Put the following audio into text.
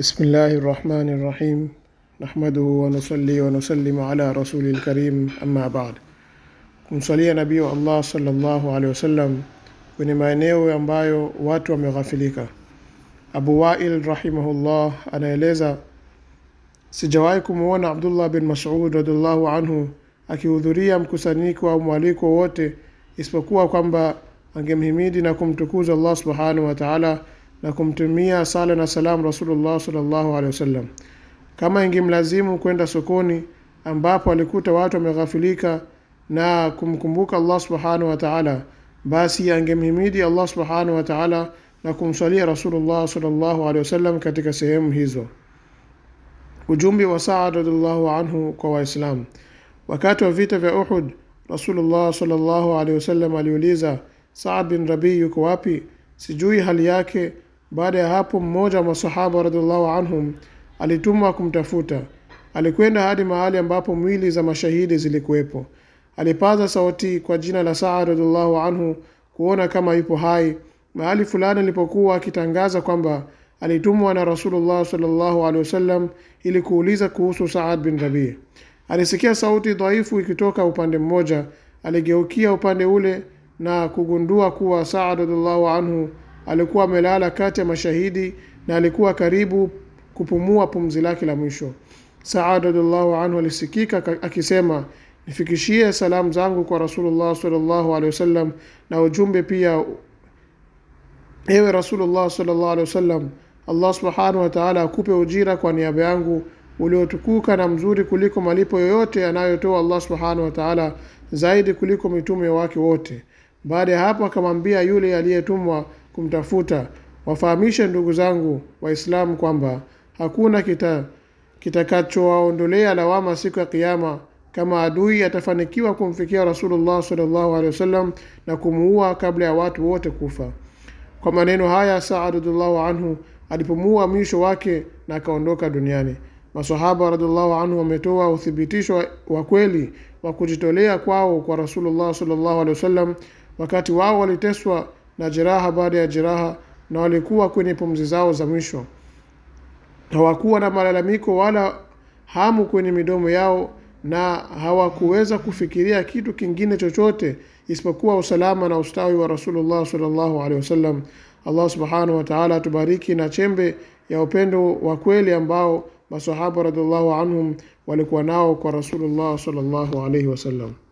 بسم الله الرحمن الرحيم نحمده ونصلي ونسلم على رسول الكريم أما بعد kumswalia nabii wa allah salllahu alehi wasallam kwenye maeneo ambayo watu wameghafilika abu wail rahimahullah anaeleza sijawahi kumwona abdullah bin masud radiallahu anhu akihudhuria mkusanyiko au mwaliko wote isipokuwa kwamba angemhimidi na kumtukuza allah subhanahu wa taala na kumtumia sala na salamu Rasulullah sallallahu alaihi wasallam. Kama ingemlazimu kwenda sokoni ambapo alikuta watu wameghafilika na kumkumbuka Allah subhanahu wa ta'ala, basi angemhimidi Allah subhanahu wa ta'ala na kumswalia Rasulullah sallallahu alaihi wasallam katika sehemu hizo. Ujumbe wa Saad radhiallahu anhu kwa Waislamu. Wakati wa vita vya Uhud, Rasulullah sallallahu alaihi wasallam aliuliza, Saad bin Rabi yuko wapi? Sijui hali yake baada ya hapo mmoja wa masahaba radhiallahu anhum alitumwa kumtafuta. Alikwenda hadi mahali ambapo mwili za mashahidi zilikuwepo. Alipaza sauti kwa jina la Saad radhiallahu anhu kuona kama yupo hai. Mahali fulani alipokuwa akitangaza kwamba alitumwa na Rasulullah sallallahu alaihi wasallam ili kuuliza kuhusu Saad bin Rabi. Alisikia sauti dhaifu ikitoka upande mmoja. Aligeukia upande ule na kugundua kuwa Saad radhiallahu anhu alikuwa amelala kati ya mashahidi na alikuwa karibu kupumua pumzi lake la mwisho. Saad radhiallahu anhu alisikika akisema, nifikishie salamu zangu kwa Rasulullah sallallahu alaihi wasallam na ujumbe pia. Ewe Rasulullah sallallahu alaihi wasallam, Allah subhanahu wataala akupe ujira kwa niaba yangu uliotukuka na mzuri kuliko malipo yoyote anayotoa Allah subhanahu wataala zaidi kuliko mitume wake wote. Baada ya hapo akamwambia yule aliyetumwa kumtafuta. Wafahamishe ndugu zangu Waislamu kwamba hakuna kita kitakachowaondolea lawama siku ya Kiyama kama adui atafanikiwa kumfikia Rasulullah sallallahu alaihi wasallam na kumuua kabla ya watu wote kufa. Kwa maneno haya Saad radhiallahu anhu alipomuua mwisho wake na akaondoka duniani. Masahaba radhiallahu anhu wametoa uthibitisho wa kweli wa kujitolea kwao kwa Rasulullah sallallahu alaihi wasallam wakati wao waliteswa na jeraha baada ya jeraha, na walikuwa kwenye pumzi zao za mwisho. Hawakuwa na malalamiko wala hamu kwenye midomo yao, na hawakuweza kufikiria kitu kingine chochote isipokuwa usalama na ustawi wa Rasulullah sallallahu alaihi wasallam. Allah subhanahu wa ta'ala atubariki na chembe ya upendo wa kweli ambao masahaba radhiallahu anhum walikuwa nao kwa Rasulullah sallallahu alaihi wasallam.